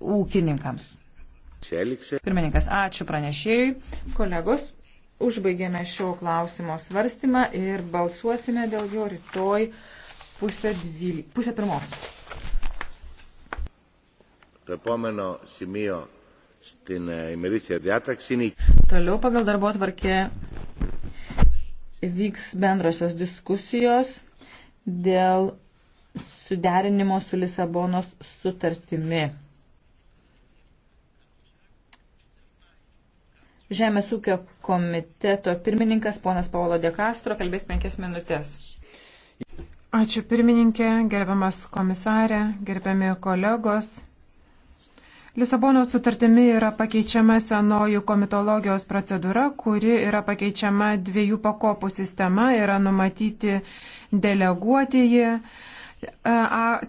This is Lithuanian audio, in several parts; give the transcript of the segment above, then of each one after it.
ūkininkams. Pirmininkas, ačiū pranešėjui. Kolegos, užbaigėme šio klausimo svarstymą ir balsuosime dėl jo rytoj pusę, dvyl... pusę pirmos. Toliau pagal darbo atvarkė vyks bendrosios diskusijos dėl suderinimo su Lisabonos sutartimi. Žemės ūkio komiteto pirmininkas ponas Paulo De Castro kalbės penkias minutės. Ačiū pirmininkė, gerbiamas komisarė, gerbiami kolegos. Lisabono sutartimi yra pakeičiama senojų komitologijos procedūra, kuri yra pakeičiama dviejų pakopų sistema, yra numatyti deleguotieji e,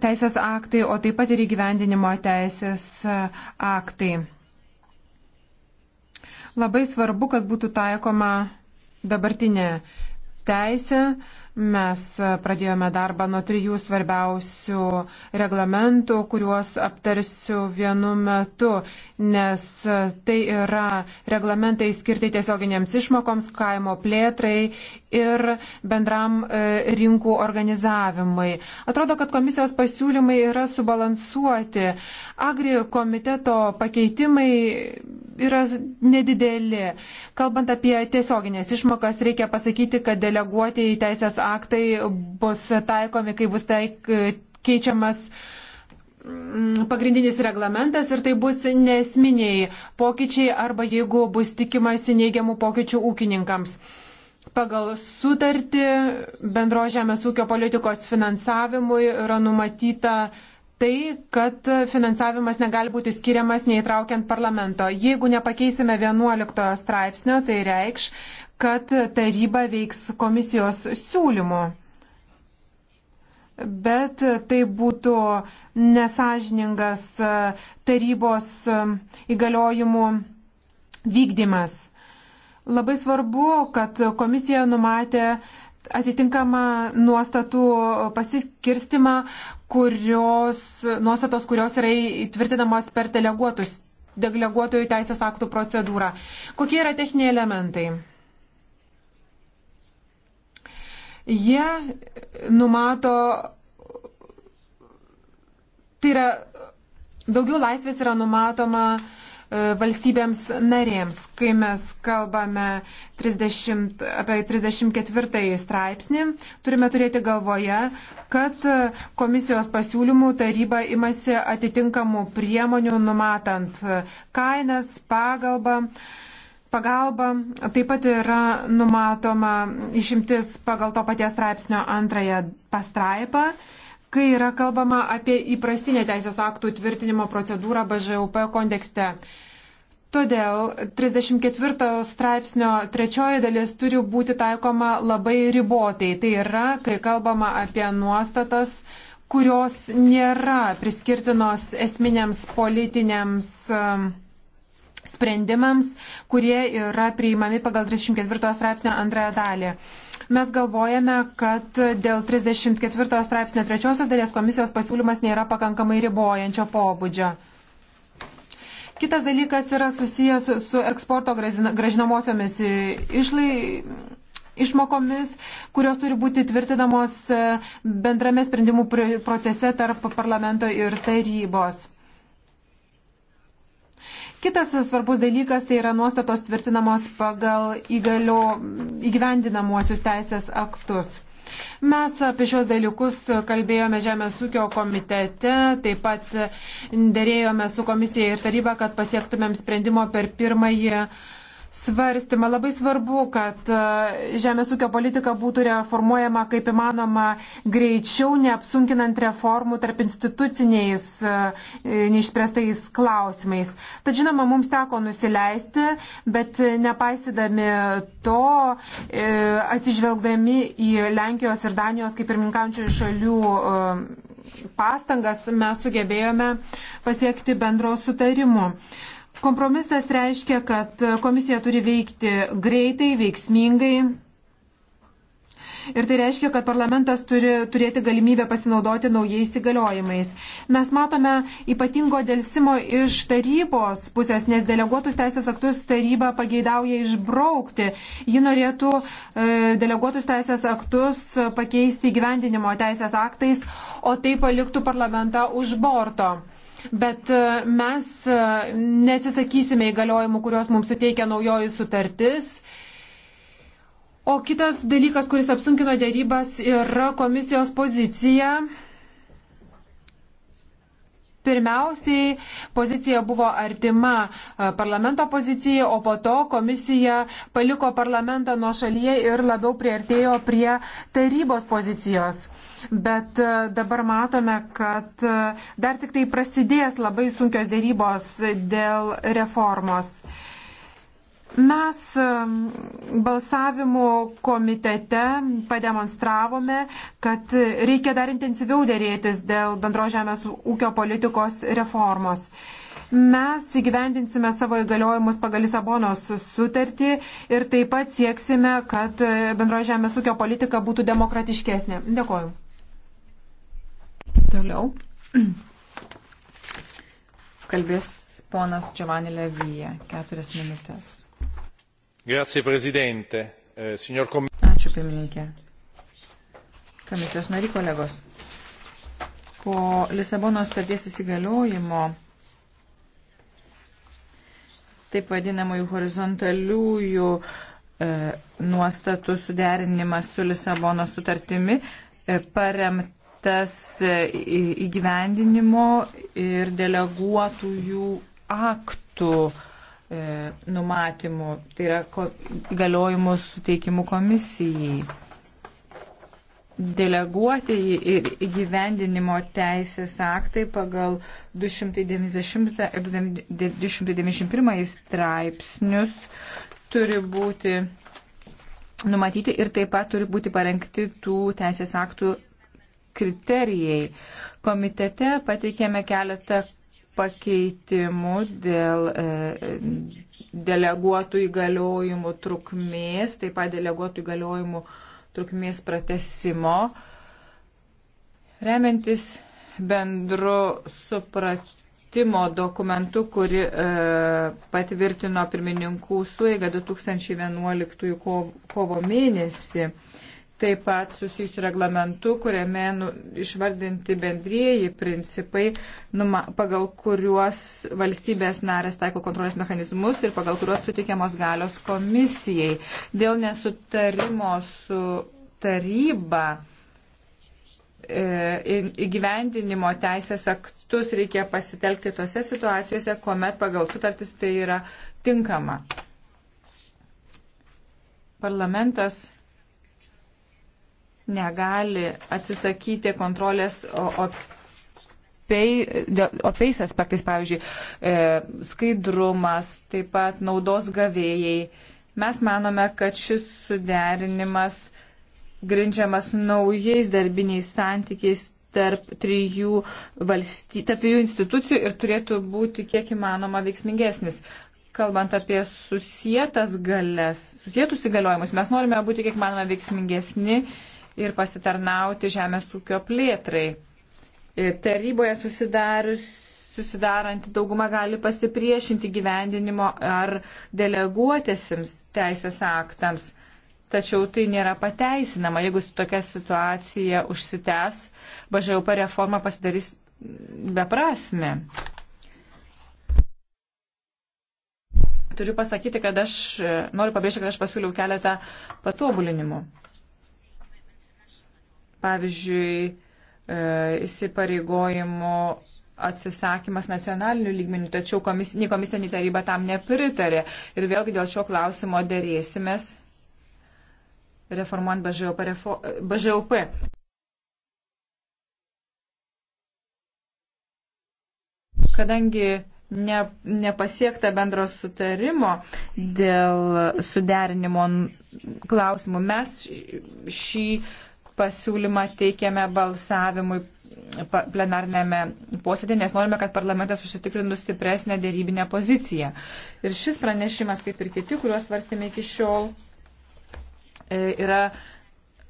teisės aktai, o taip pat ir įgyvendinimo teisės e, aktai. Labai svarbu, kad būtų taikoma dabartinė teisė, Mes pradėjome darbą nuo trijų svarbiausių reglamentų, kuriuos aptarsiu vienu metu, nes tai yra reglamentai skirti tiesioginėms išmokoms, kaimo plėtrai ir bendram e, rinkų organizavimui. Atrodo, kad komisijos pasiūlymai yra subalansuoti. Agri komiteto pakeitimai yra nedideli. Kalbant apie tiesioginės išmokas, reikia pasakyti, kad deleguoti į teisės aktai bus taikomi, kai bus taik, keičiamas mm, pagrindinis reglamentas ir tai bus nesminiai pokyčiai arba jeigu bus tikimasi neigiamų pokyčių ūkininkams. Pagal sutartį bendro žemės ūkio politikos finansavimui yra numatyta tai, kad finansavimas negali būti skiriamas neįtraukiant parlamento. Jeigu nepakeisime 11 straipsnio, tai reikš, kad taryba veiks komisijos siūlymu. Bet tai būtų nesažiningas tarybos įgaliojimų vykdymas. Labai svarbu, kad komisija numatė atitinkamą nuostatų pasiskirstimą, kurios, nuostatos, kurios yra įtvirtinamos per deleguotojų teisės aktų procedūrą. Kokie yra techniniai elementai? Jie numato, tai yra, daugiau laisvės yra numatoma e, valstybėms narėms, kai mes kalbame 30, apie 34 straipsnį, turime turėti galvoje, kad komisijos pasiūlymų taryba imasi atitinkamų priemonių numatant kainas, pagalbą pagalba. Taip pat yra numatoma išimtis pagal to paties straipsnio antrąją pastraipą, kai yra kalbama apie įprastinę teisės aktų tvirtinimo procedūrą BŽUP kontekste. Todėl 34 straipsnio trečioji dalis turi būti taikoma labai ribotai. Tai yra, kai kalbama apie nuostatas, kurios nėra priskirtinos esminėms politinėms. Um, sprendimams, kurie yra priimami pagal 34 straipsnio antrąją dalį. Mes galvojame, kad dėl 34 straipsnio trečiosios dalies komisijos pasiūlymas nėra pakankamai ribojančio pobūdžio. Kitas dalykas yra susijęs su eksporto gražinamosiomis išlai, išmokomis, kurios turi būti tvirtinamos e, bendrame sprendimų procese tarp parlamento ir tarybos. Kitas svarbus dalykas tai yra nuostatos tvirtinamos pagal įgalio, įgyvendinamuosius teisės aktus. Mes apie šios dalykus kalbėjome Žemės ūkio komitete, taip pat dėrėjome su komisija ir taryba, kad pasiektumėm sprendimo per pirmąjį uh, svarstymą. Labai svarbu, kad e, žemės ūkio politika būtų reformuojama kaip įmanoma greičiau, neapsunkinant reformų tarp instituciniais e, neišspręstais klausimais. Tad žinoma, mums teko nusileisti, bet nepaisydami to, e, atsižvelgdami į Lenkijos ir Danijos kaip ir minkančių šalių pastangas, mes sugebėjome pasiekti bendro sutarimo. Uh, Kompromisas reiškia, kad komisija turi veikti greitai, veiksmingai. Ir tai reiškia, kad parlamentas turi turėti galimybę pasinaudoti naujais įgaliojimais. Mes matome ypatingo dėlsimo iš tarybos pusės, nes deleguotus teisės aktus taryba pageidauja išbraukti. Ji norėtų e, deleguotus teisės aktus pakeisti gyvendinimo teisės aktais, o tai paliktų parlamentą už borto bet e, mes e, neatsisakysime įgaliojimų, kuriuos mums suteikia naujoji sutartis. O kitas dalykas, kuris apsunkino dėrybas, yra komisijos pozicija. Pirmiausiai pozicija buvo artima e, parlamento pozicijai, o po to komisija paliko parlamentą nuo šalyje ir labiau priartėjo prie tarybos pozicijos bet e, dabar matome, kad e, dar tik tai prasidės labai sunkios dėrybos dėl reformos. Mes e, balsavimo komitete pademonstravome, kad reikia dar intensyviau dėrėtis dėl bendro žemės ūkio politikos reformos mes įgyvendinsime savo įgaliojimus pagal Lisabonos sutartį ir taip pat sieksime, kad bendroji žemės ūkio politika būtų demokratiškesnė. Dėkuoju. Toliau kalbės ponas Giovanni Levyje, keturias minutės. Grazie, prezidente. Eh, signor kom... Ačiū, pirmininkė. Komisijos nari kolegos. Po Lisabono starties įsigaliojimo taip vadinamųjų horizontaliųjų e, nuostatų suderinimas su Lisabono sutartimi e, paremt tas e, įgyvendinimo ir deleguotųjų aktų e, numatymų, tai yra įgaliojimų suteikimų komisijai. Deleguoti ir įgyvendinimo teisės aktai pagal 290 ir 291 straipsnius turi būti numatyti ir taip pat turi būti parengti tų teisės aktų kriterijai. Komitete pateikėme keletą pakeitimų dėl e, deleguotų įgaliojimų trukmės, taip pat deleguotų įgaliojimų trukmės pratesimo, remiantis bendru supratimo dokumentu, kuri e, patvirtino pirmininkų suėga 2011 kovo, kovo mėnesį taip pat susijusiu reglamentu, kuriame nu, išvardinti bendrieji principai, numa, pagal kuriuos valstybės narės taiko kontrolės mechanizmus ir pagal kuriuos suteikiamos galios komisijai. Dėl nesutarimo su taryba e, įgyvendinimo teisės aktus reikia pasitelkti tose situacijose, kuomet pagal sutartis tai yra tinkama. Parlamentas negali atsisakyti kontrolės opiais aspektais, pavyzdžiui, e, skaidrumas, taip pat naudos gavėjai. Mes manome, kad šis suderinimas grindžiamas naujais darbiniais santykiais tarp trijų, valsty, tarp trijų institucijų ir turėtų būti kiek įmanoma veiksmingesnis. Kalbant apie susietas galės, susietus įgaliojimus, mes norime būti kiek manoma veiksmingesni ir pasitarnauti žemės ūkio plėtrai. E, taryboje susidarius susidaranti dauguma gali pasipriešinti gyvendinimo ar deleguotėsims teisės aktams. Tačiau tai nėra pateisinama. Jeigu tokia situacija užsitęs, BŽUP reforma pasidarys beprasme. Turiu pasakyti, kad aš e, noriu pabrėžti, kad aš pasiūliau keletą patobulinimų pavyzdžiui, e, įsipareigojimų atsisakymas nacionalinių lygmenių, tačiau komis, nei komisija, nei taryba tam nepritarė. Ir vėlgi dėl šio klausimo dėrėsimės reformuojant BŽOP. Refo, BŽOP. Kadangi ne, nepasiekta bendro sutarimo dėl suderinimo klausimų, mes šį pasiūlymą teikiame balsavimui plenarnėme posėdė, nes norime, kad parlamentas užsitikrintų stipresnę dėrybinę poziciją. Ir šis pranešimas, kaip ir kiti, kuriuos svarstėme iki šiol, e, yra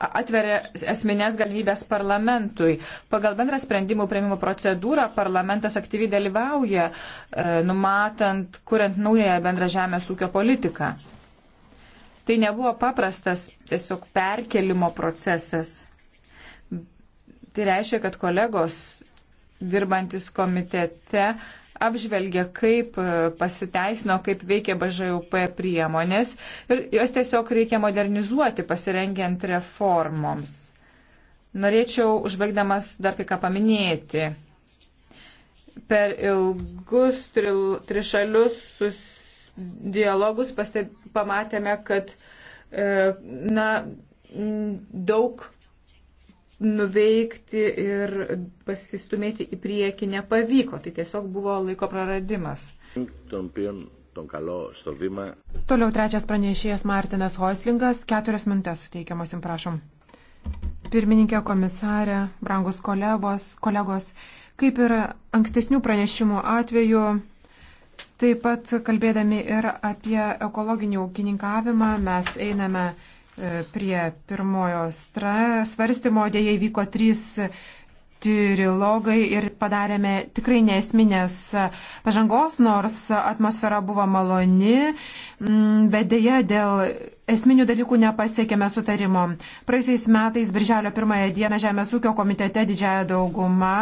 atveria esminės galimybės parlamentui. Pagal bendrą sprendimų prieimimo procedūrą parlamentas aktyviai dalyvauja, e, numatant, kuriant naująją bendrą žemės ūkio politiką. Tai nebuvo paprastas tiesiog perkelimo procesas. Tai reiškia, kad kolegos dirbantis komitete apžvelgia, kaip e, pasiteisino, kaip veikia BŽUP priemonės ir jos tiesiog reikia modernizuoti pasirengiant reformoms. Norėčiau užbaigdamas dar kai ką paminėti. Per ilgus trišalius susitikti dialogus pasteb, pamatėme, kad e, na, daug nuveikti ir pasistumėti į priekį nepavyko. Tai tiesiog buvo laiko praradimas. Toliau trečias pranešėjas Martinas Hoislingas, keturias mintes suteikiamos jums prašom. Pirmininkė komisarė, brangus kolegos, kolegos, kaip ir ankstesnių pranešimų atveju, Taip pat kalbėdami ir apie ekologinį ūkininkavimą, mes einame e, prie pirmojo svarstymo, dėja įvyko trys tyrilogai ir padarėme tikrai nesminės pažangos, nors atmosfera buvo maloni, mm, bet dėja dėl esminių dalykų nepasiekėme sutarimo. Praėjusiais metais, birželio pirmąją dieną, Žemės ūkio komitete didžiąją daugumą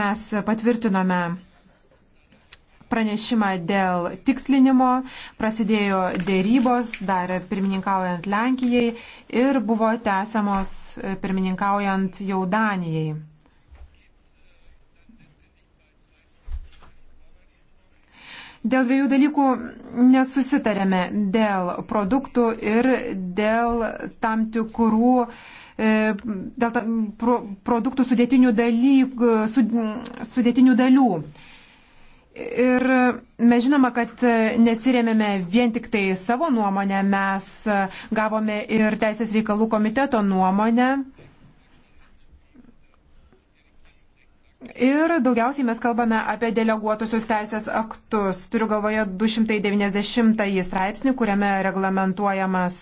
mes patvirtinome pranešimą dėl tikslinimo, prasidėjo dėrybos dar pirmininkaujant Lenkijai ir buvo tęsiamos e, pirmininkaujant jau Danijai. Dėl dviejų dalykų nesusitarėme - dėl produktų ir dėl tam tikrų e, dėl tam, pro, produktų sudėtinių, dalyk, sud, sudėtinių dalių. Ir mes žinoma, kad nesirėmėme vien tik tai savo nuomonę, mes gavome ir Teisės reikalų komiteto nuomonę. Ir daugiausiai mes kalbame apie deleguotusius teisės aktus. Turiu galvoje 290 straipsnį, kuriame reglamentuojamas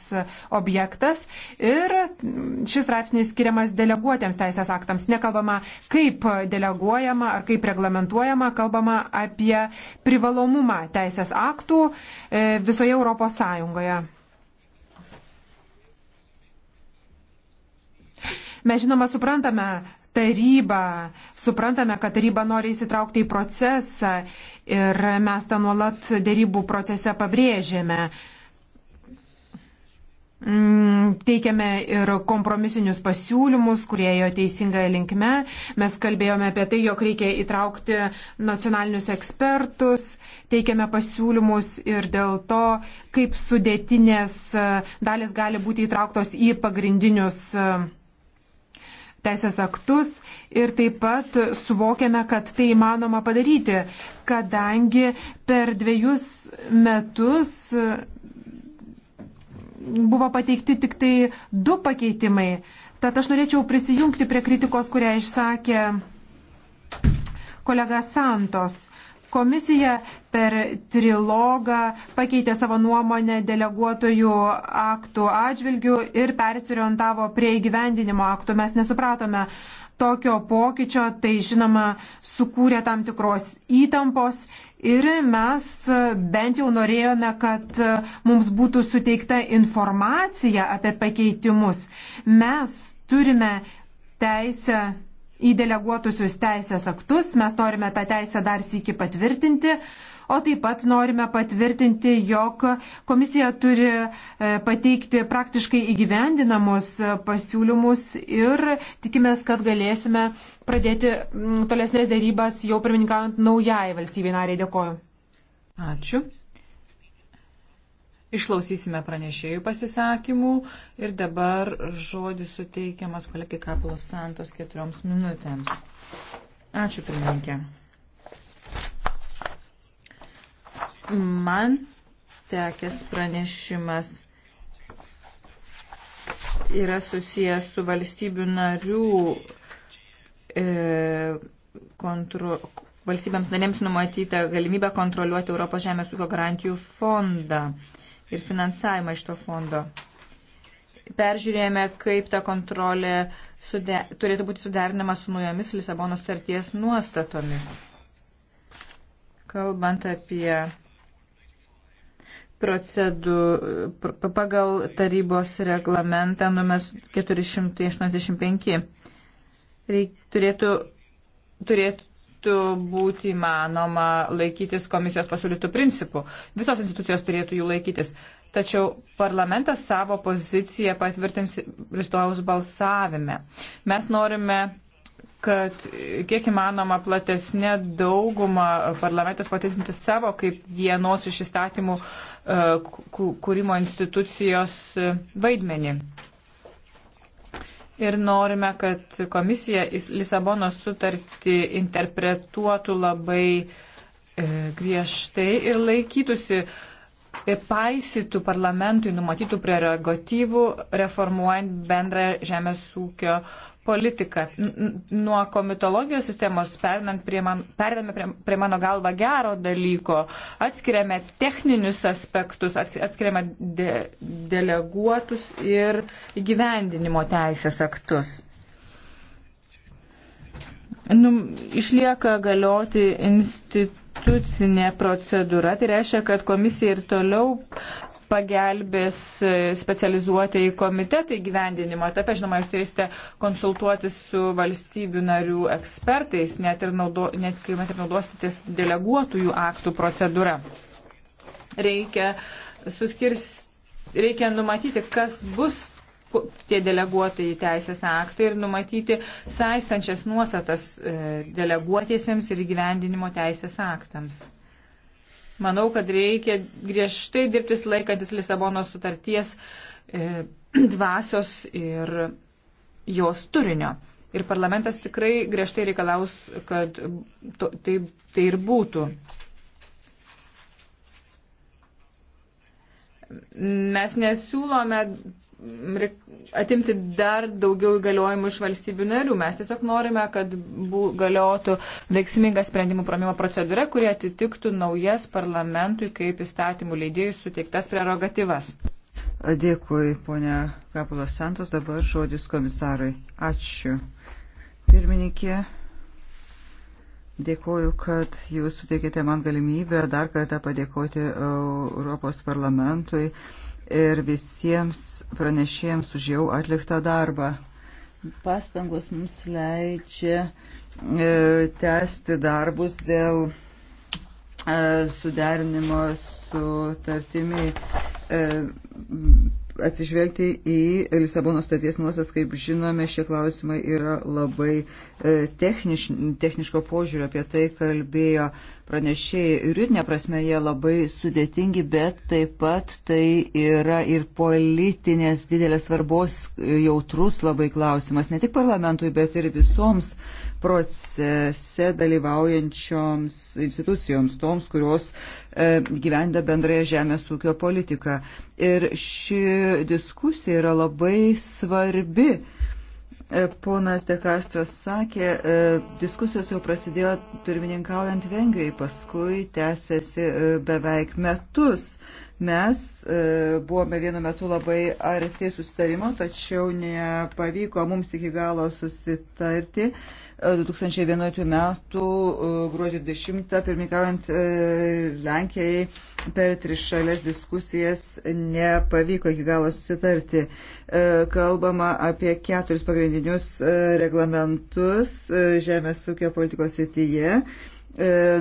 objektas. Ir šis straipsnis skiriamas deleguotiems teisės aktams. Nekalbama, kaip deleguojama ar kaip reglamentuojama, kalbama apie privalomumą teisės aktų e, visoje Europos Sąjungoje. Mes žinoma suprantame, tarybą. Suprantame, kad taryba nori įsitraukti į procesą ir mes tą nuolat dėrybų procese pabrėžėme. Mm, teikiame ir kompromisinius pasiūlymus, kurie jo teisinga linkme. Mes kalbėjome apie tai, jog reikia įtraukti nacionalinius ekspertus, teikiame pasiūlymus ir dėl to, kaip sudėtinės e, dalis gali būti įtrauktos į pagrindinius e, teisės aktus ir taip pat suvokiame, kad tai įmanoma padaryti, kadangi per dviejus metus buvo pateikti tik tai du pakeitimai. Tad aš norėčiau prisijungti prie kritikos, kurią išsakė kolega Santos. Komisija per trilogą pakeitė savo nuomonę deleguotojų aktų atžvilgių ir persirientavo prie įgyvendinimo aktų. Mes nesupratome tokio pokyčio, tai žinoma sukūrė tam tikros įtampos ir mes bent jau norėjome, kad mums būtų suteikta informacija apie pakeitimus. Mes turime teisę į deleguotusius teisės aktus. Mes norime tą teisę dar sįki patvirtinti. O taip pat norime patvirtinti, jog komisija turi e, pateikti praktiškai įgyvendinamus e, pasiūlymus ir tikimės, kad galėsime pradėti tolesnės dėrybas jau pirmininkaujant naujai valstybei nariai. Dėkoju. Ačiū. Išklausysime pranešėjų pasisakymų ir dabar žodis suteikiamas kolegai Kapelos Santos keturioms minutėms. Ačiū, pirmininkė. Man tekęs pranešimas yra susijęs su valstybių narių e, kontro, valstybėms narėms numatyta galimybė kontroliuoti Europos žemės ūkio garantijų fondą. E, ir finansavimą iš to fondo. Peržiūrėjome, kaip ta kontrolė sude, turėtų būti suderinama su naujomis Lisabono starties nuostatomis. Kalbant apie procedų pagal tarybos reglamentą numes 485. Reik, turėtų, turėtų, turėtų būti įmanoma laikytis komisijos pasiūlytų principų. Visos institucijos turėtų jų laikytis. Tačiau parlamentas savo poziciją patvirtins rystojaus balsavime. Mes norime kad kiek įmanoma platesnė dauguma parlamentas patvirtinti savo kaip vienos iš įstatymų e, kūrimo institucijos e, vaidmenį ir norime, kad komisija Lisabonos sutartį interpretuotų labai e, griežtai ir laikytųsi, e, paisytų parlamentui numatytų prerogatyvų reformuojant bendrą žemės ūkio politiką. Nuo komitologijos sistemos perinant prie, man, periname prie, prie mano galva gero dalyko, atskiriame techninius aspektus, atskiriame de, deleguotus ir įgyvendinimo teisės aktus. Nu, išlieka galioti institucijų institucinė procedūra. Tai reiškia, kad komisija ir toliau pagelbės e, specializuoti į komitetą įgyvendinimo etape. Žinoma, jūs turėsite konsultuoti su valstybių narių ekspertais, net ir, naudo, net, net ir naudositės deleguotųjų aktų procedūrą. Reikia suskirsti. Reikia numatyti, kas bus tie deleguotojai teisės aktai ir numatyti saistančias nuostatas e, deleguotiesiems ir įgyvendinimo teisės aktams. Manau, kad reikia griežtai dirbtis laikantis Lisabonos sutarties e, dvasios ir jos turinio. Ir parlamentas tikrai griežtai reikalaus, kad to, tai, tai ir būtų. Mes nesiūlome atimti dar daugiau įgaliojimų iš valstybių narių. Mes tiesiog norime, kad bū, galiotų veiksminga sprendimų promimo procedūra, kurie atitiktų naujas parlamentui kaip įstatymų leidėjų suteiktas prerogatyvas. Dėkui, ponia Kapulos Santos. Dabar žodis komisarui. Ačiū. Pirmininkė. Dėkoju, kad jūs suteikėte man galimybę dar kartą padėkoti e, Europos parlamentui ir visiems pranešėjams už jau atliktą darbą. Pastangos mums leidžia e, tęsti darbus dėl e, suderinimo su tartimi. E, atsižvelgti į Lisabono staties nuosas, kaip žinome, šie klausimai yra labai e, techniš, techniško požiūrio, apie tai kalbėjo pranešėjai. Juridinė prasme jie labai sudėtingi, bet taip pat tai yra ir politinės didelės svarbos e, jautrus labai klausimas, ne tik parlamentui, bet ir visoms procese dalyvaujančioms institucijoms, toms, kurios e, gyvenda bendrąją žemės ūkio politiką. Ir ši diskusija yra labai svarbi E, ponas De Castro sakė, e, diskusijos jau prasidėjo pirmininkaujant Vengrijai, paskui tęsiasi e, beveik metus. Mes buvome vienu metu labai arti susitarimo, tačiau nepavyko mums iki galo susitarti. 2011 metų gruodžio 10 pirmininkaujant Lenkijai per trišalės diskusijas nepavyko iki galo susitarti. E, kalbama apie keturis pagrindinius e, reglamentus e, žemės ūkio politikos sityje,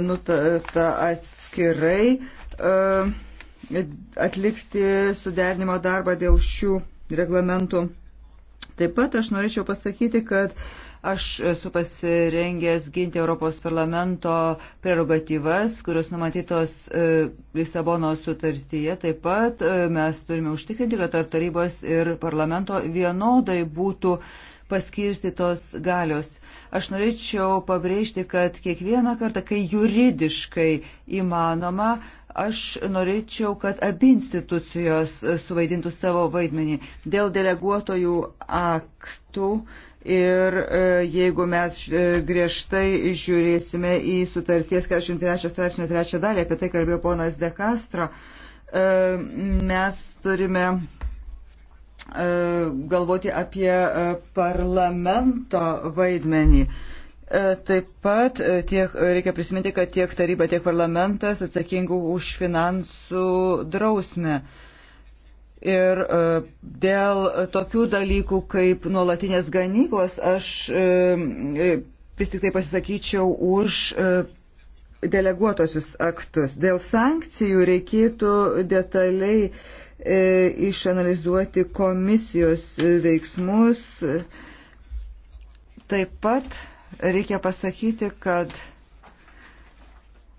nutarta atskirai atlikti suderinimo darbą dėl šių reglamentų. Taip pat aš norėčiau pasakyti, kad uh, Aš esu pasirengęs ginti Europos parlamento prerogatyvas, kurios numatytos e, Lisabono sutartyje. Taip pat e, mes turime užtikrinti, kad tarp tarybos ir parlamento vienodai būtų uh, paskirstytos galios. Aš norėčiau pabrėžti, kad kiekvieną kartą, kai juridiškai įmanoma, aš norėčiau, kad abi institucijos suvaidintų savo vaidmenį dėl deleguotojų aktų. Ir e, jeigu mes e, griežtai žiūrėsime į sutarties 43 straipsnio 3 dalį, apie tai kalbėjo ponas De Castro, e, mes turime E, galvoti apie e, parlamento vaidmenį. E, taip pat tiek, reikia prisiminti, kad tiek taryba, tiek parlamentas atsakingų už finansų drausmę. Ir dėl tokių dalykų kaip nuolatinės ganyklos aš vis tik tai pasisakyčiau už deleguotosius aktus. Dėl sankcijų reikėtų detaliai E, išanalizuoti komisijos veiksmus. Taip pat reikia pasakyti, kad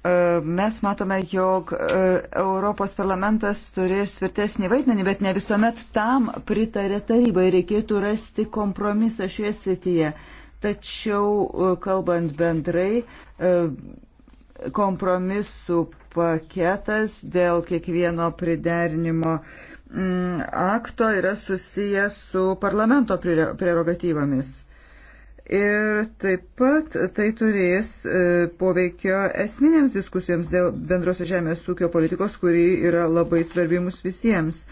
e, mes matome, jog e, Europos parlamentas turės tvirtesnį vaidmenį, bet ne visuomet tam pritarė tarybai. Reikėtų rasti kompromisą šioje srityje. Tačiau, kalbant bendrai, kompromisų paketas dėl kiekvieno priderinimo mm, akto yra susijęs su parlamento prerogatyvomis. Ir taip pat tai turės e, poveikio esminėms diskusijoms dėl bendrosios žemės ūkio politikos, kuri yra labai svarbi mums visiems.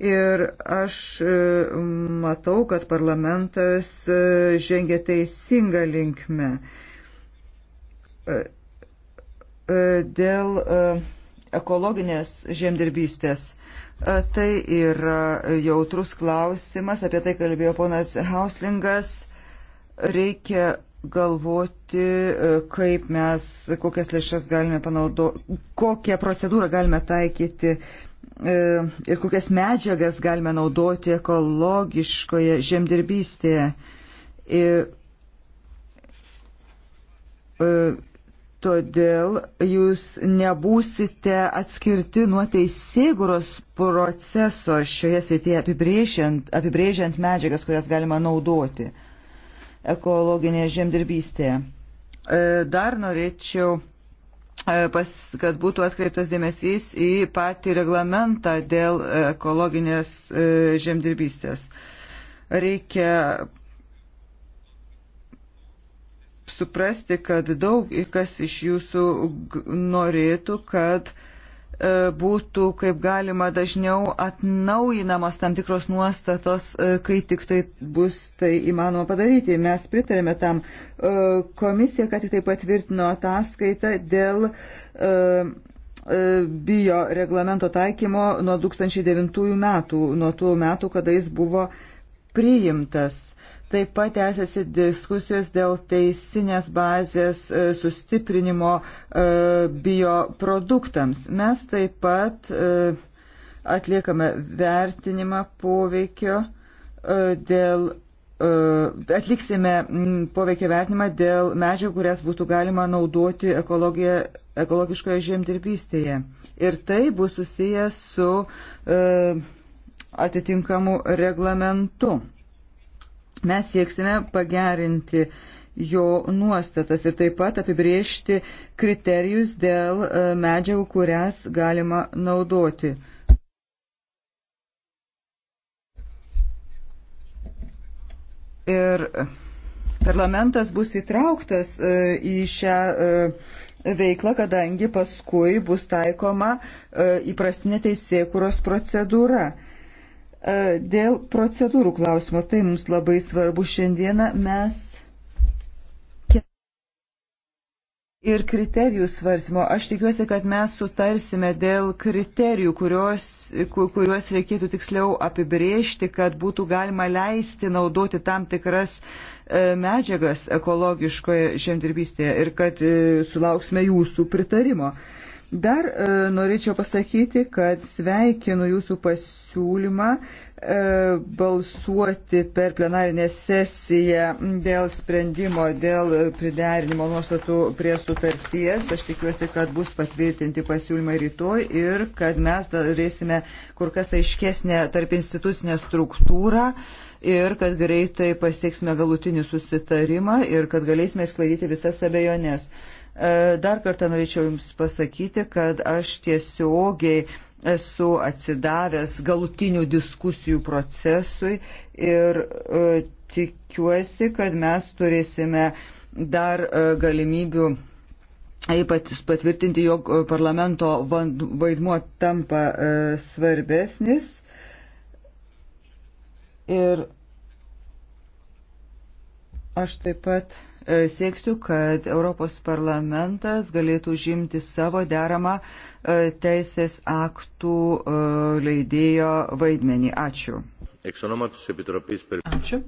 Ir aš e, matau, kad parlamentas e, žengia teisingą linkmę. E, dėl e, ekologinės žemdirbystės. E, tai yra jautrus klausimas, apie tai kalbėjo ponas Hauslingas. Reikia galvoti, kaip mes, kokias lėšas galime panaudoti, kokią procedūrą galime taikyti ir kokias medžiagas galime naudoti ekologiškoje žemdirbystėje. Ir, Todėl jūs nebūsite atskirti nuo teisėguros proceso šioje srityje apibrėžiant, apibrėžiant medžiagas, kurias galima naudoti ekologinėje žemdirbystėje. Dar norėčiau, e, pas, kad būtų atkreiptas dėmesys į patį reglamentą dėl ekologinės e, žemdirbystės. Reikia suprasti, kad daug kas iš jūsų norėtų, kad e, būtų kaip galima dažniau atnaujinamos tam tikros nuostatos, e, kai tik tai bus tai įmanoma padaryti. Mes pritarėme tam. E, komisija, kad tik tai patvirtino ataskaitą dėl bio reglamento taikymo nuo 2009 metų, nuo tų metų, kada jis buvo priimtas Taip pat tęsiasi diskusijos dėl teisinės bazės e, sustiprinimo e, bioproduktams. Mes taip pat e, atliekame vertinimą poveikio dėl atliksime poveikio vertinimą dėl medžiagų, kurias būtų galima naudoti ekologiškoje žemdirbystėje. Ir tai bus susijęs su e, atitinkamu reglamentu. Mes sieksime pagerinti jo nuostatas ir taip pat apibriežti kriterijus dėl e, medžiagų, kurias galima naudoti. Ir parlamentas bus įtrauktas e, į šią e, veiklą, kadangi paskui bus taikoma įprastinė teisėkuros procedūra. E, dėl procedūrų klausimo, tai mums labai svarbu šiandieną, mes ir kriterijų svarsimo. Aš tikiuosi, kad mes sutarsime dėl kriterijų, kurios, kuriuos reikėtų tiksliau apibriežti, kad būtų galima leisti naudoti tam tikras e, medžiagas ekologiškoje žemdirbystėje ir kad e, sulauksime jūsų pritarimo. Dar e, norėčiau pasakyti, kad sveikinu jūsų pasiūlymą siūlymą e, balsuoti per plenarinę sesiją dėl sprendimo, dėl priderinimo nuostatų prie sutarties. Aš tikiuosi, kad bus patvirtinti pasiūlymai rytoj ir kad mes darėsime kur kas aiškesnę tarp institucinę struktūrą ir kad greitai pasieksime galutinį susitarimą ir kad galėsime sklaidyti visas abejonės. E, dar kartą norėčiau Jums pasakyti, kad aš tiesiogiai esu atsidavęs galutinių diskusijų procesui ir e, tikiuosi, kad mes turėsime dar e, galimybių e, pat, patvirtinti, jog parlamento vaidmuo tampa e, svarbesnis. Ir aš taip pat E, sieksiu, kad Europos parlamentas galėtų žimti savo deramą e, teisės aktų e, leidėjo vaidmenį. Ačiū. Ačiū.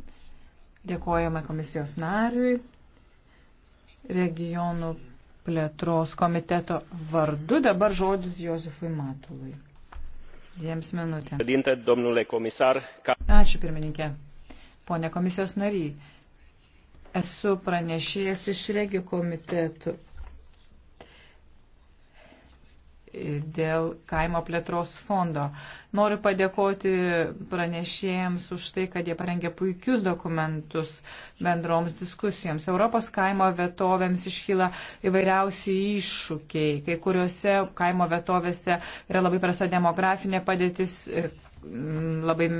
Dėkojame komisijos nariui, regionų plėtros komiteto vardu. Dabar žodis Jozefui Matului. Jiems minutė. Ačiū pirmininkė. Pone komisijos nariai Esu pranešėjęs iš regi komitetų dėl kaimo plėtros fondo. Noriu padėkoti pranešėjams už tai, kad jie parengė puikius dokumentus bendroms diskusijoms. Europos kaimo vietovėms iškyla įvairiausi iššūkiai. Kai kuriuose kaimo vietovėse yra labai prasta demografinė padėtis, e, labai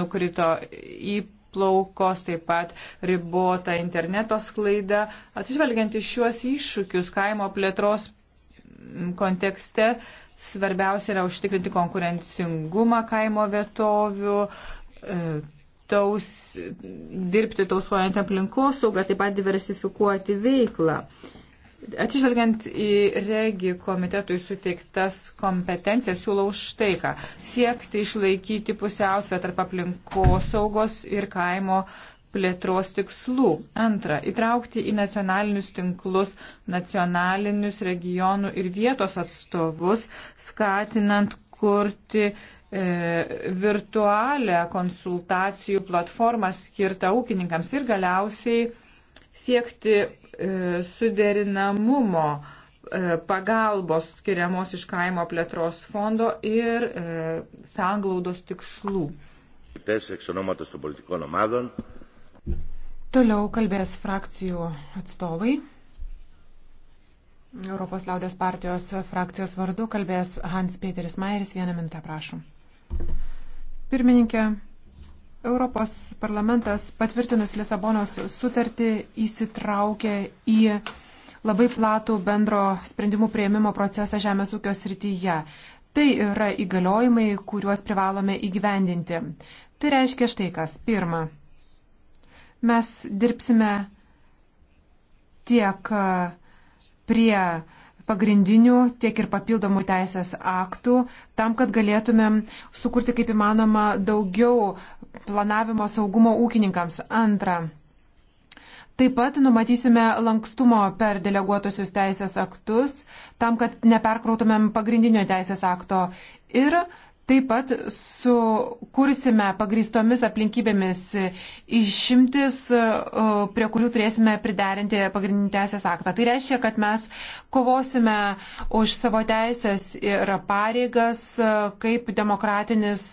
nukrito į plaukos, taip pat ribota interneto sklaida. Atsižvelgiant į šiuos iššūkius kaimo plėtros kontekste, svarbiausia yra užtikrinti konkurencingumą kaimo vietovių, e, taus, dirbti tausuojant aplinkosaugą, taip pat diversifikuoti veiklą. Atsižvelgiant į regi komitetui suteiktas kompetencijas, siūlau štai ką - siekti išlaikyti pusiausvę tarp aplinkosaugos ir kaimo plėtros tikslų. Antra, įtraukti į nacionalinius tinklus nacionalinius regionų ir vietos atstovus, skatinant kurti e, virtualią konsultacijų platformą skirtą ūkininkams ir galiausiai siekti E, suderinamumo e, pagalbos skiriamos iš kaimo plėtros fondo ir e, sanglaudos tikslų. Toliau kalbės frakcijų atstovai. Europos liaudės partijos frakcijos vardu kalbės Hans Peteris Maeris. Vieną minutę prašom. Pirmininkė, Europos parlamentas patvirtinus Lisabonos sutartį įsitraukė į labai platų bendro sprendimų prieimimo procesą žemės ūkio srityje. Tai yra įgaliojimai, kuriuos privalome įgyvendinti. Tai reiškia štai kas. Pirma, mes dirbsime tiek prie pagrindinių, tiek ir papildomų teisės aktų, tam, kad galėtumėm sukurti kaip įmanoma daugiau planavimo saugumo ūkininkams. Antra. Taip pat numatysime lankstumo per deleguotusius teisės aktus, tam, kad neperkrautumėm pagrindinio teisės akto. Ir Taip pat sukursime pagristomis aplinkybėmis išimtis, prie kurių turėsime priderinti pagrindinį teisės aktą. Tai reiškia, kad mes kovosime už savo teisės ir pareigas kaip demokratinis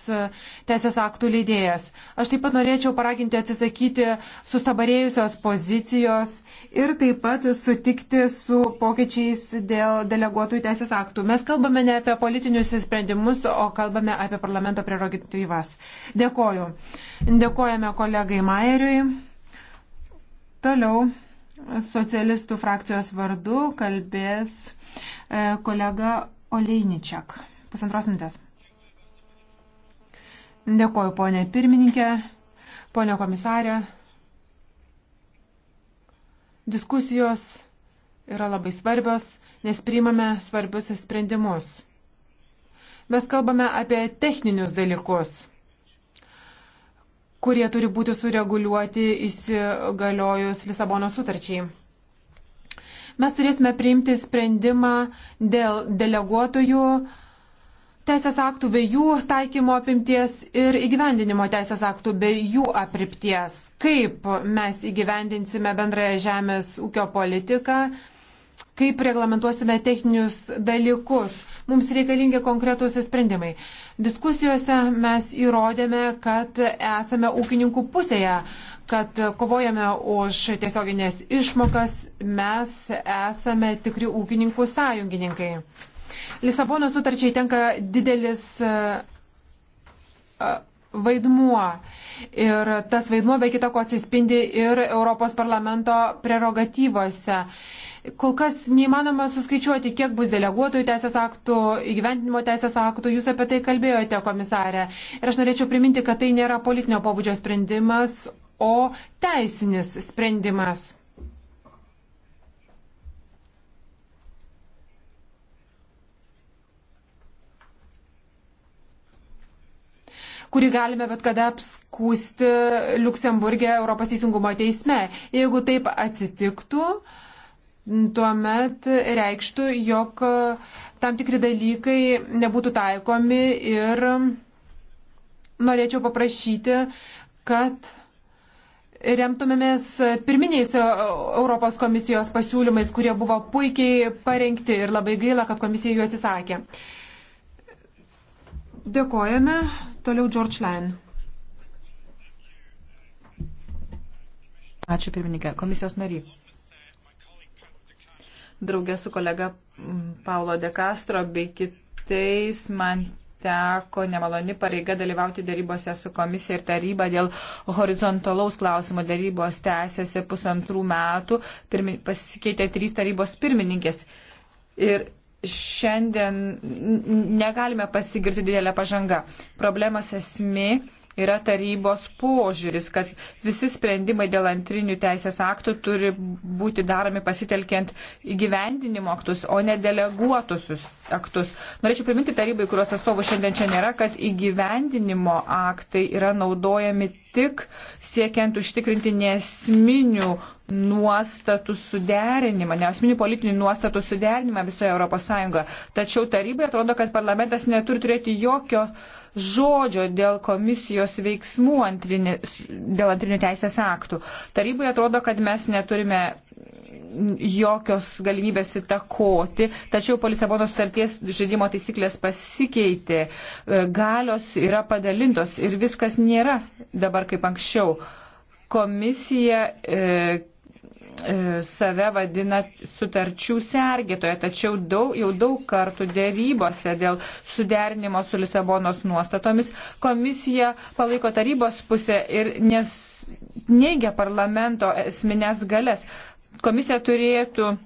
teisės aktų leidėjas. Aš taip pat norėčiau paraginti atsisakyti sustabarėjusios pozicijos ir taip pat sutikti su pokyčiais dėl deleguotų teisės aktų. Mes kalbame ne apie politinius sprendimus, o kalbame kalbame apie parlamento prerogatyvas. Dėkoju. Dėkojame kolegai Mairiui. Toliau socialistų frakcijos vardu kalbės e, kolega Oleiničiak. Pusantros minutės. Dėkoju, ponė pirmininkė, ponė komisarė. Diskusijos yra labai svarbios, nes priimame svarbius sprendimus. Mes kalbame apie techninius dalykus, kurie turi būti sureguliuoti įsigaliojus Lisabono sutarčiai. Mes turėsime priimti sprendimą dėl deleguotojų teisės aktų bei jų taikymo apimties ir įgyvendinimo teisės aktų bei jų aprypties. Kaip mes įgyvendinsime bendrąją žemės ūkio politiką, kaip reglamentuosime techninius dalykus. Mums reikalingi konkretūs sprendimai. Diskusijose mes įrodėme, kad esame ūkininkų pusėje, kad kovojame už tiesioginės išmokas, mes esame tikri ūkininkų sąjungininkai. Lisabono sutarčiai tenka didelis e, e, vaidmuo. Ir tas vaidmuo be kita ko atsispindi ir Europos parlamento prerogatyvose. Kol kas neįmanoma suskaičiuoti, kiek bus deleguotojų teisės aktų, įgyvendinimo teisės aktų. Jūs apie tai kalbėjote, komisarė. Ir aš norėčiau priminti, kad tai nėra politinio pobūdžio sprendimas, o teisinis sprendimas. kurį galime bet kada apskūsti Luksemburgė Europos teisingumo teisme. Jeigu taip atsitiktų, uh, tuomet reikštų, jog e, tam tikri dalykai nebūtų taikomi ir norėčiau paprašyti, kad remtumėmės pirminiais e, Europos komisijos pasiūlymais, kurie buvo puikiai parengti ir labai gaila, kad komisija jų atsisakė. Dėkojame. Toliau George Lane. Ačiū pirmininkė. Komisijos nariai draugė su kolega mm, Paulo De Castro bei kitais man teko nemaloni pareiga dalyvauti darybose su komisija ir taryba dėl horizontalaus klausimo darybos tęsiasi pusantrų metų, pirmi, pasikeitė trys tarybos pirmininkės. Ir šiandien negalime pasigirti didelę pažangą. Problemos esmė yra tarybos požiūris, kad visi sprendimai dėl antrinių teisės aktų turi būti daromi pasitelkiant įgyvendinimo aktus, o ne deleguotusius aktus. Norėčiau priminti tarybai, kurios atstovų šiandien čia nėra, kad įgyvendinimo aktai yra naudojami tik siekiant užtikrinti nesminių nuostatų suderinimą, neasminių politinių nuostatų suderinimą visoje ES. Tačiau tarybai atrodo, kad parlamentas neturi turėti jokio žodžio dėl komisijos veiksmų antrinė, dėl antrinių teisės aktų. Tarybai atrodo, kad mes neturime jokios galimybės įtakoti, tačiau po Lisabonos starties žaidimo taisyklės pasikeitė, e, galios yra padalintos ir viskas nėra dabar kaip anksčiau. Komisija e, E, save vadina sutarčių sergėtoje, tačiau daug, jau daug kartų dėrybose dėl suderinimo su Lisabonos nuostatomis komisija palaiko tarybos pusę ir nes, neigia parlamento esminės galės. Komisija turėtų e,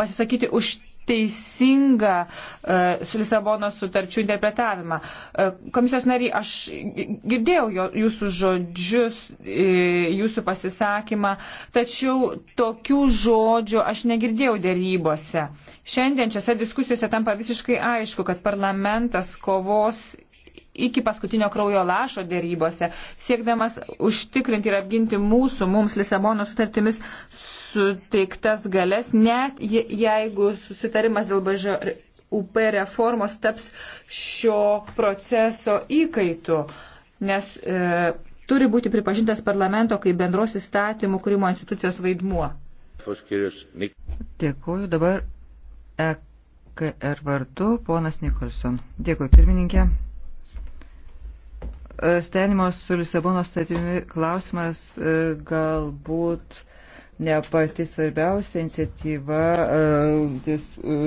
pasisakyti už teisingą uh, Lisabono sutarčių interpretavimą. Uh, komisijos nariai, aš girdėjau jo, jūsų žodžius, e, jūsų pasisakymą, tačiau tokių žodžių aš negirdėjau dėrybose. Šiandien šiose diskusijose tampa visiškai aišku, kad parlamentas kovos iki paskutinio kraujo lašo dėrybose, siekdamas užtikrinti ir apginti mūsų, mums Lisabono sutartimis suteiktas galės, net jeigu susitarimas dėl BŽUP reformos taps šio proceso įkaitu, nes e, turi būti pripažintas parlamento kaip bendros įstatymų kūrimo institucijos vaidmuo. Dėkuoju dabar EKR vardu, ponas Nikolson. Dėkuoju pirmininkė. E, Stenimos su Lisabono statimi klausimas e, galbūt ne pati svarbiausia iniciatyva, e, e,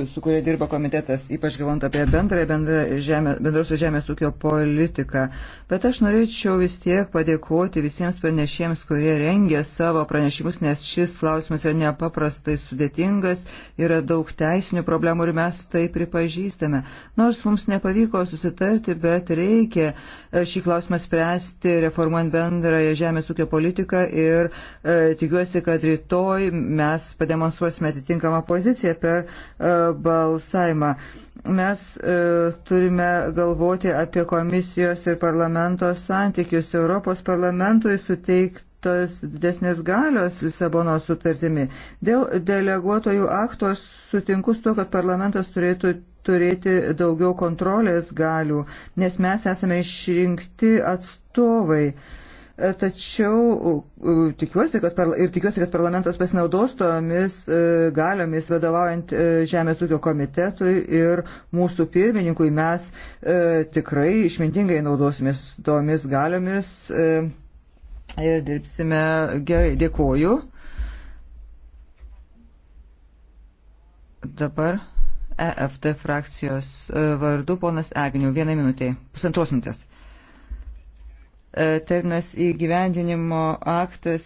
su kuria dirba komitetas, ypač galvant apie bendrą, bendrą žemė, bendrosios žemės ūkio politiką. Bet aš norėčiau vis tiek padėkoti visiems pranešėjams, kurie rengė savo pranešimus, nes šis klausimas yra nepaprastai sudėtingas, yra daug teisinių problemų ir mes tai pripažįstame. Nors mums nepavyko susitarti, bet reikia e, šį klausimą spręsti reformuojant bendrąją žemės ūkio politiką ir e, tikiuosi, kad rytoj rytoj mes pademonstruosime atitinkamą poziciją per e, balsavimą. Mes e, turime galvoti apie komisijos ir parlamento santykius. Europos parlamentui suteikti tos didesnės galios Lisabono sutartimi. Dėl deleguotojų akto aš sutinku su to, kad parlamentas turėtų turėti daugiau kontrolės galių, nes mes esame išrinkti atstovai. Uh, Tačiau tikiuosi, kad parla, ir tikiuosi, kad parlamentas pasinaudos tomis e, galiomis vadovaujant e, Žemės ūkio komitetui ir mūsų pirmininkui mes e, tikrai išmintingai naudosimės tomis galiomis ir dirbsime gerai. Dėkuoju. Dabar EFT frakcijos vardu ponas Egnių. Vieną minutę. Pusantros minutės. E, terminas įgyvendinimo aktas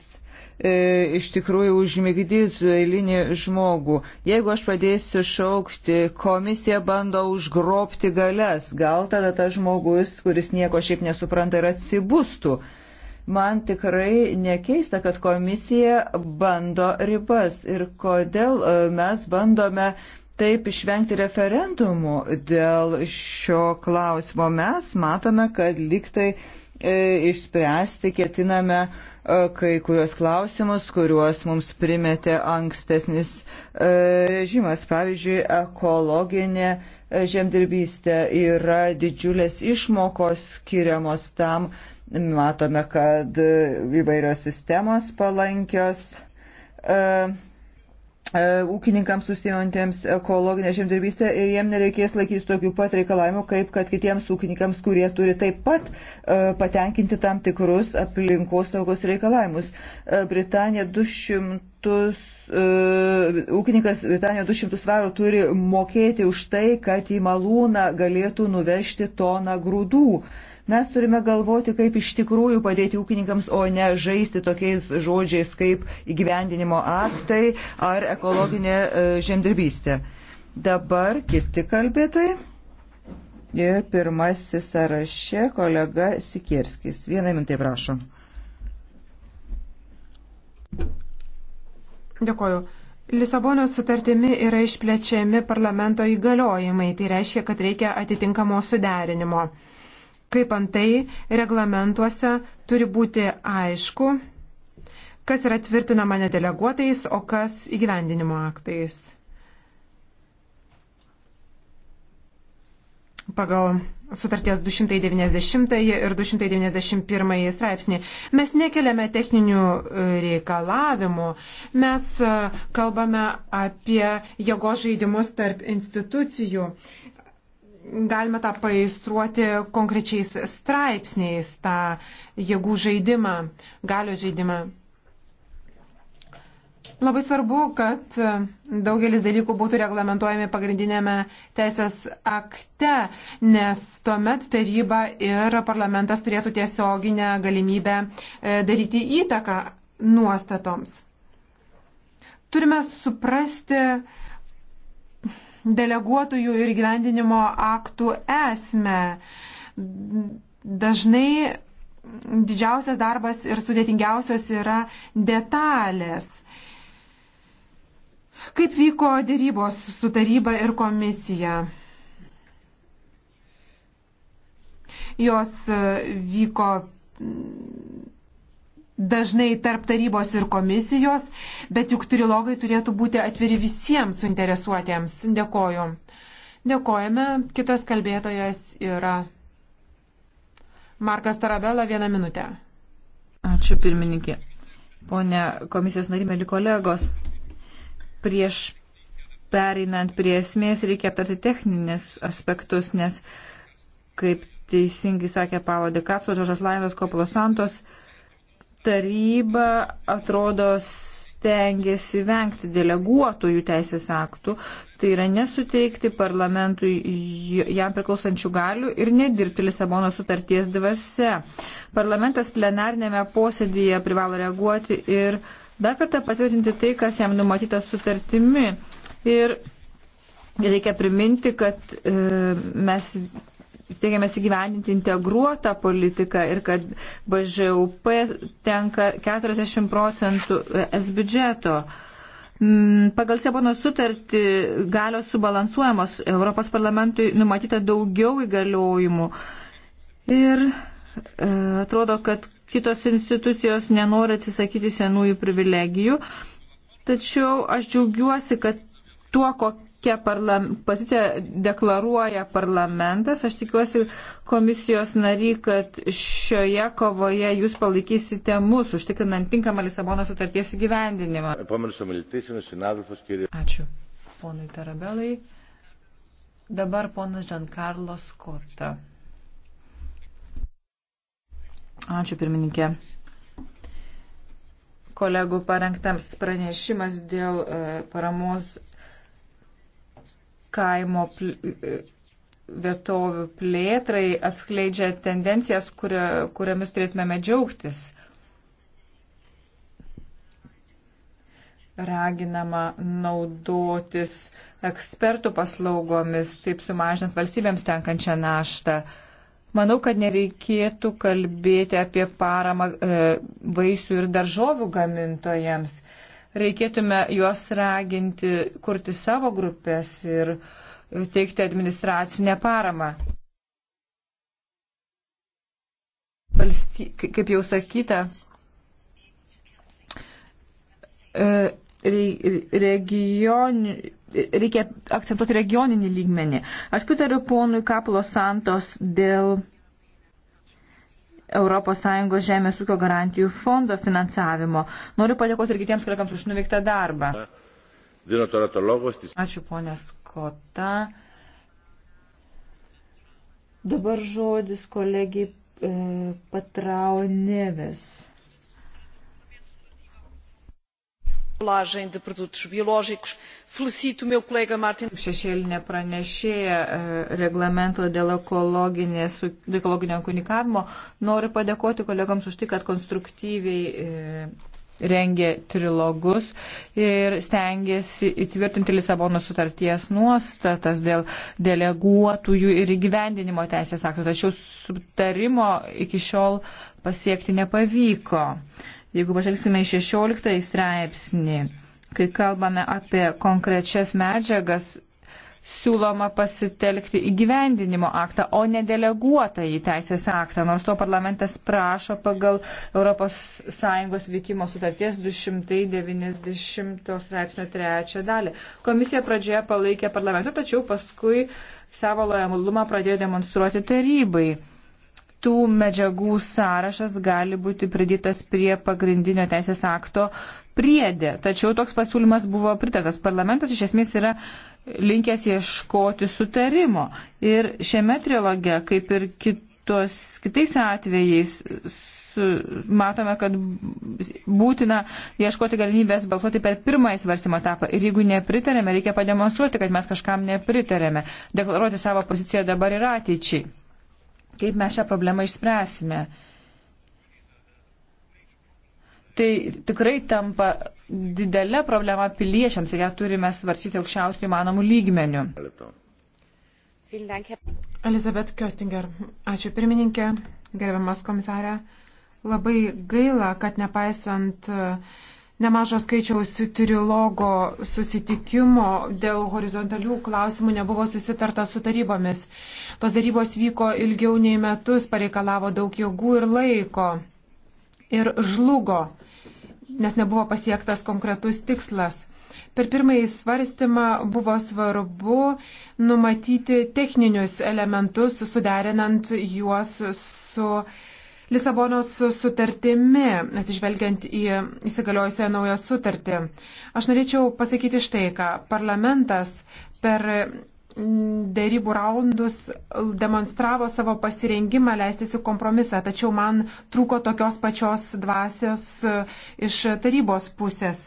e, iš tikrųjų užmigdys eilinį žmogų. Jeigu aš pradėsiu šaukti, komisija bando užgrobti galias, gal tada tas žmogus, kuris nieko šiaip nesupranta ir atsibūstų. Man tikrai nekeista, kad komisija bando ribas ir kodėl e, mes bandome taip išvengti referendumų dėl šio klausimo. Mes matome, kad liktai e, išspręsti ketiname e, kai kurios klausimus, kuriuos mums primetė ankstesnis e, režimas. Pavyzdžiui, ekologinė e, žemdirbystė yra didžiulės išmokos skiriamos tam. Matome, kad e, įvairios sistemos palankios. E, E, ūkininkams susijantiems ekologinę žemdirbystę ir jiem nereikės laikytis tokių pat reikalavimų, kaip kad kitiems ūkininkams, kurie turi taip pat e, patenkinti tam tikrus aplinkosaugos reikalavimus. E, Britanija 200. Ūkininkas Britanija 200 svarų turi mokėti už tai, kad į malūną galėtų nuvežti toną grūdų. Mes turime galvoti, kaip iš tikrųjų padėti ūkininkams, o ne žaisti tokiais žodžiais kaip įgyvendinimo aktai ar ekologinė e, žemdirbystė. Dabar kiti kalbėtojai. Ir pirmasis sąraše kolega Sikirskis. Vieną minutę prašom. Dėkuoju. Lisabono sutartimi yra išplečiami parlamento įgaliojimai, tai reiškia, kad reikia atitinkamo suderinimo kaip antai reglamentuose turi būti aišku, kas yra tvirtinama nedeleguotais, o kas įgyvendinimo aktais. Pagal sutarties 290 ir 291 straipsnį. Mes nekeliame techninių e, reikalavimų, mes e, kalbame apie jėgos žaidimus tarp institucijų galime tą paistruoti konkrečiais straipsniais, tą jėgų žaidimą, galio žaidimą. Labai svarbu, kad daugelis dalykų būtų reglamentojami pagrindinėme teisės akte, nes tuomet taryba ir parlamentas turėtų tiesioginę galimybę e, daryti įtaką nuostatoms. Turime suprasti, deleguotojų ir gyvendinimo aktų esmę. Dažnai didžiausias darbas ir sudėtingiausios yra detalės. Kaip vyko dėrybos su taryba ir komisija? Jos vyko dažnai tarp tarybos ir komisijos, bet juk trilogai turėtų būti atviri visiems suinteresuotiems. Dėkoju. Dėkojame. Kitas kalbėtojas yra Markas Tarabela, vieną minutę. Ačiū pirmininkė. Pone komisijos narimėli kolegos, prieš pereinant prie esmės reikia aptarti techninės aspektus, nes, kaip teisingai sakė Pavo Dekato, Džožas Laivas, Kopulos Santos, taryba atrodo stengiasi vengti deleguotojų teisės aktų, tai yra nesuteikti parlamentui jam priklausančių galių ir nedirbti Lisabono sutarties dvasia. Parlamentas plenarnėme posėdėje privalo reaguoti ir dar kartą patvirtinti tai, kas jam numatyta sutartimi. Ir reikia priminti, kad e, mes stengiamės įgyveninti integruotą politiką ir kad BŽUP tenka 40 procentų es biudžeto. Mm, pagal Sebono sutartį galios subalansuojamos, Europos parlamentui numatyta daugiau įgaliojimų. Ir e, atrodo, kad kitos institucijos nenori atsisakyti senųjų privilegijų. Tačiau aš džiaugiuosi, kad tuo, kokiu kokią parlam, poziciją deklaruoja parlamentas. Aš tikiuosi, komisijos nary, kad šioje kovoje jūs palaikysite mus, užtikrinant tinkamą Lisabono sutarties įgyvendinimą. Ačiū. Ponai Tarabelai. Dabar ponas Giancarlo Scotta. Ačiū pirmininkė. Kolegų parengtams pranešimas dėl e, paramos kaimo vietovių plėtrai atskleidžia tendencijas, kurio, kuriamis turėtumėme džiaugtis. Raginama naudotis ekspertų paslaugomis, taip sumažinant valstybėms tenkančią naštą. Manau, kad nereikėtų kalbėti apie paramą e, vaisių ir daržovių gamintojams. E, reikėtume juos raginti kurti savo grupės ir teikti administracinę paramą. Valsty, kaip jau sakyta, e, regioni, reikia akcentuoti regioninį lygmenį. Aš pritariu ponui Kapulo Santos dėl ES žemės ūkio garantijų fondo finansavimo. Noriu padėkoti ir kitiems kolegams už nuveiktą darbą. Ačiū ponė Skota. Dabar žodis kolegiai e, Patraunėvis. reciclagem de produtos biológicos. Felicito o meu colega Martin. Šešėlinė pranešėja eh, reglamento dėl ekologinio kunikavimo. Noriu padėkoti kolegams už tai, kad konstruktyviai eh, rengė trilogus ir stengiasi įtvirtinti Lisabono sutarties nuostatas dėl deleguotųjų ir įgyvendinimo teisės aktų. Tačiau sutarimo iki šiol pasiekti nepavyko. Jeigu pažvelgsime į 16 straipsnį, kai kalbame apie konkrečias medžiagas, siūloma pasitelkti įgyvendinimo aktą, o ne deleguotą į teisės aktą, nors to parlamentas prašo pagal ES vykimo sutarties 290 straipsnio trečią dalį. Komisija pradžioje palaikė parlamentą, tačiau paskui savo lojalumą pradėjo demonstruoti tarybai tų medžiagų sąrašas gali būti pridėtas prie pagrindinio teisės akto priedė. Tačiau toks pasiūlymas buvo pritartas. Parlamentas iš esmės yra linkęs ieškoti sutarimo. Ir šiame triloge, kaip ir kitos, kitais atvejais, su, matome, kad būtina ieškoti galimybės balsuoti per pirmąjį svarstymo etapą. Ir jeigu nepritarėme, reikia pademonstruoti, kad mes kažkam nepritarėme. Deklaruoti savo poziciją dabar ir ateičiai kaip mes šią problemą išspręsime. Tai tikrai tampa didelė problema piliečiams ir ją turime svarsyti aukščiausių įmanomų lygmenių. Elizabet Köstinger, ačiū pirmininkė, gerbiamas komisarė. Labai gaila, kad nepaisant uh, nemažo skaičiaus trilogo susitikimo dėl horizontalių klausimų nebuvo susitarta su tarybomis. Tos darybos vyko ilgiau nei metus, pareikalavo daug jėgų ir laiko ir žlugo, nes nebuvo pasiektas konkretus tikslas. Per pirmąjį svarstymą buvo svarbu numatyti techninius elementus, suderinant juos su Lisabonos sutartimi, atsižvelgiant į įsigaliojusią naują sutartį. Aš norėčiau pasakyti štai ką. Parlamentas per dėrybų raundus demonstravo savo pasirengimą leistis į kompromisą, tačiau man trūko tokios pačios dvasios iš tarybos pusės,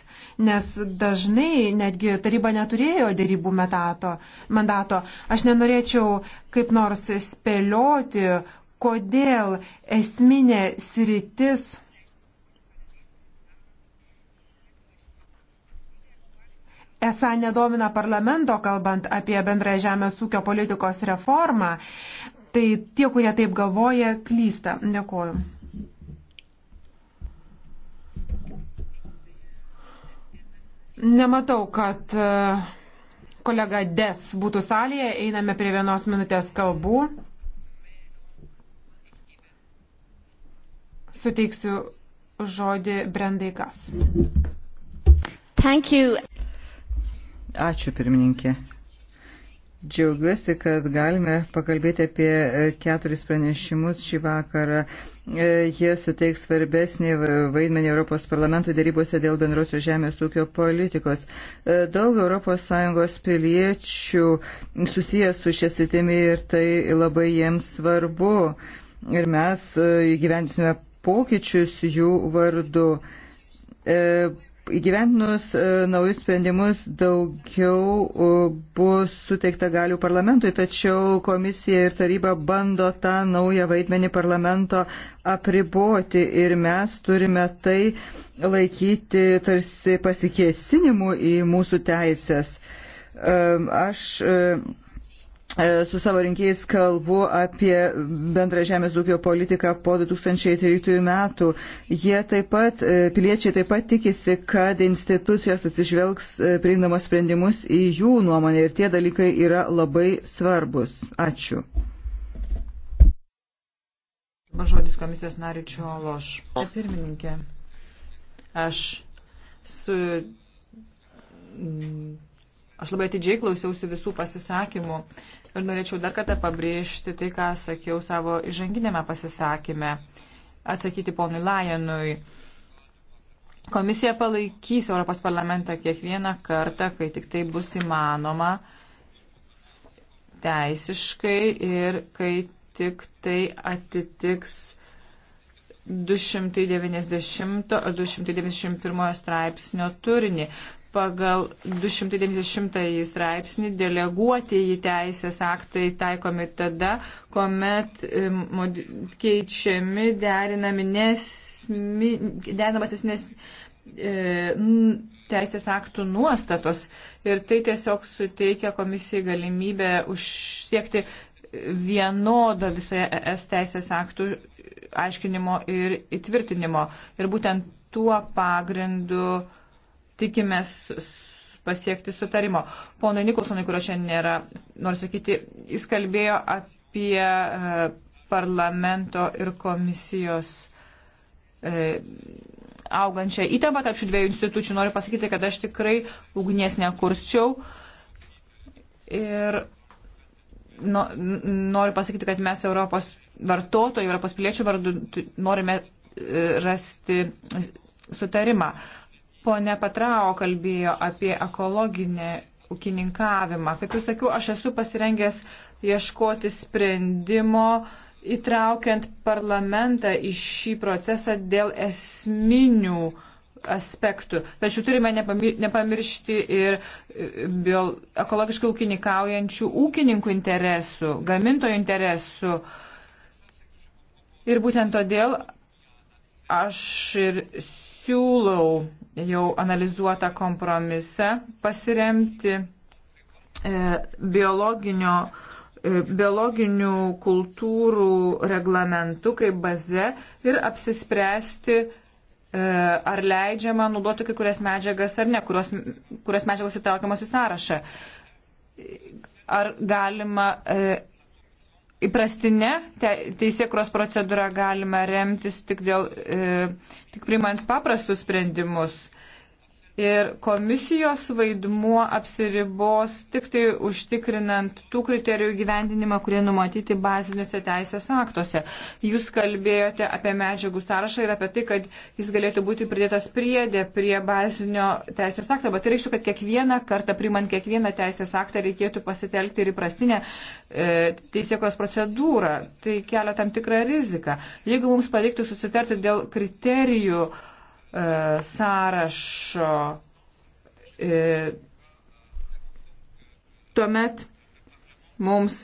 nes dažnai netgi taryba neturėjo dėrybų metato, mandato. Aš nenorėčiau kaip nors spėlioti, kodėl esminė sritis esą nedomina parlamento, kalbant apie bendrąją žemės ūkio politikos reformą, tai tie, kurie taip galvoja, klysta. Dėkuoju. Nematau, kad e, kolega Des būtų salėje, einame prie vienos minutės kalbų. suteiksiu žodį Brendai Gas. Ačiū pirmininkė. Džiaugiuosi, kad galime pakalbėti apie e, keturis pranešimus šį vakarą. E, jie suteiks svarbesnį vaidmenį Europos parlamento dėrybose dėl bendrosios žemės ūkio politikos. E, daug ES piliečių susijęs su šia sitimi ir tai labai jiems svarbu. Ir mes įgyvendysime pokyčius jų vardu. E, įgyventinus e, naujus sprendimus daugiau e, bus suteikta galių parlamentui, tačiau komisija ir taryba bando tą naują vaidmenį parlamento apriboti ir mes turime tai laikyti tarsi pasikėsinimu į mūsų teisės. Aš E, su savo rinkėjais kalbu apie bendrą žemės ūkio politiką po 2013 metų. Jie taip pat, e, piliečiai taip pat tikisi, kad institucijos atsižvelgs e, priimdamos sprendimus į jų nuomonę ir tie dalykai yra labai svarbus. Ačiū. Žodis komisijos nariu Čiološ. Pirmininkė, aš su. Aš labai atidžiai klausiausi visų pasisakymų. Uh, ir norėčiau dar kartą pabrėžti tai, ką sakiau savo įžanginėme pasisakyme, atsakyti ponui Lajanui. Komisija palaikys Europos parlamentą kiekvieną kartą, kai tik tai bus įmanoma teisiškai ir kai tik tai atitiks 290 ar 291 straipsnio turinį pagal 290 straipsnį deleguoti į teisės aktai taikomi tada, kuomet e, keičiami, derinami nesmi, derinamas nes, e, teisės aktų nuostatos. Ir tai tiesiog suteikia komisijai galimybę užsiekti vienodo visoje ES teisės aktų aiškinimo ir įtvirtinimo. Ir būtent tuo pagrindu tikimės pasiekti sutarimo. Pono Nikolsonai, kurio šiandien nėra, noriu sakyti, jis kalbėjo apie e, parlamento ir komisijos e, augančią įtampą tarp šių dviejų institucijų. Noriu pasakyti, kad aš tikrai ugnies nekurščiau. Ir no, noriu pasakyti, kad mes Europos vartotojų, Europos piliečių vardu norime e, rasti sutarimą. Pone Patrao kalbėjo apie ekologinę ūkininkavimą. Kaip jau sakiau, aš esu pasirengęs ieškoti sprendimo, įtraukiant parlamentą į šį procesą dėl esminių aspektų. Tačiau turime nepamiršti ir e, bio, ekologiškai ūkininkaujančių ūkininkų interesų, gamintojų interesų. Ir būtent todėl aš ir siūlau jau analizuotą kompromisą pasiremti e, biologinio, e, biologinių kultūrų reglamentu kaip baze ir apsispręsti, e, ar leidžiama naudoti kai kurias medžiagas ar ne, kurios, kurios medžiagos įtraukiamos į sąrašą. Ar galima įprastinė te, teisėkros procedūra galima remtis tik, dėl, e, tik priimant paprastus sprendimus ir komisijos vaidmuo apsiribos tik tai užtikrinant tų kriterijų gyvendinimą, kurie numatyti baziniuose teisės aktuose. Jūs kalbėjote apie medžiagų sąrašą ir apie tai, kad jis galėtų būti pridėtas priedė prie bazinio teisės akto, bet tai reiškia, kad kiekvieną kartą, primant kiekvieną teisės aktą, reikėtų pasitelkti ir įprastinę e, teisėkos procedūrą. Tai kelia tam tikrą riziką. Jeigu mums pavyktų susitarti dėl kriterijų, E, sąrašo, e, tuomet mums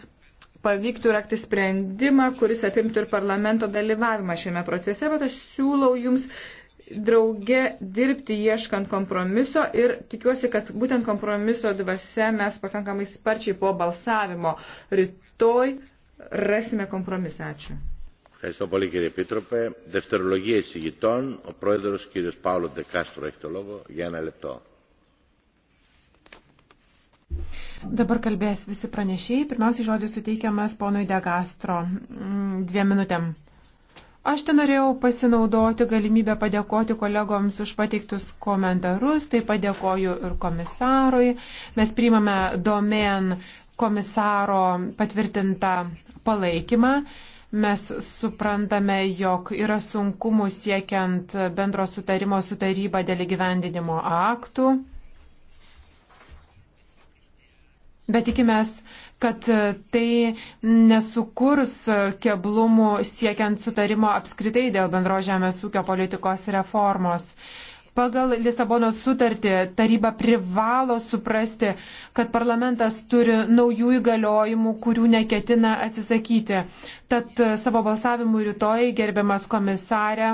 pavyktų rakti sprendimą, kuris apimtų ir parlamento dalyvavimą šiame procese, bet aš siūlau jums drauge dirbti ieškant kompromiso ir tikiuosi, kad būtent kompromiso dvasia mes pakankamai sparčiai po balsavimo rytoj rasime kompromisą. Ačiū. Ευχαριστώ πολύ κύριε Επίτροπε. Δευτερολογία εισηγητών. Ο πρόεδρος κύριος Παύλο Ντεκάστρο έχει το λόγο για ένα λεπτό. Dabar kalbės visi pranešėjai. Pirmiausiai žodis suteikiamas ponui Degastro mm, dviem minutėm. Aš ten norėjau pasinaudoti galimybę padėkoti kolegoms už pateiktus komentarus, tai padėkoju ir komisarui. Mes priimame domen komisaro patvirtintą palaikymą. Mes suprantame, jog yra sunkumų siekiant bendro sutarimo su taryba dėl įgyvendinimo aktų. Bet tikimės, kad tai nesukurs keblumų siekiant sutarimo apskritai dėl bendro žemės ūkio politikos reformos. Pagal Lisabonos sutartį taryba privalo suprasti, kad parlamentas turi naujų įgaliojimų, kurių neketina atsisakyti. Tad savo balsavimu rytoj, gerbiamas komisarė,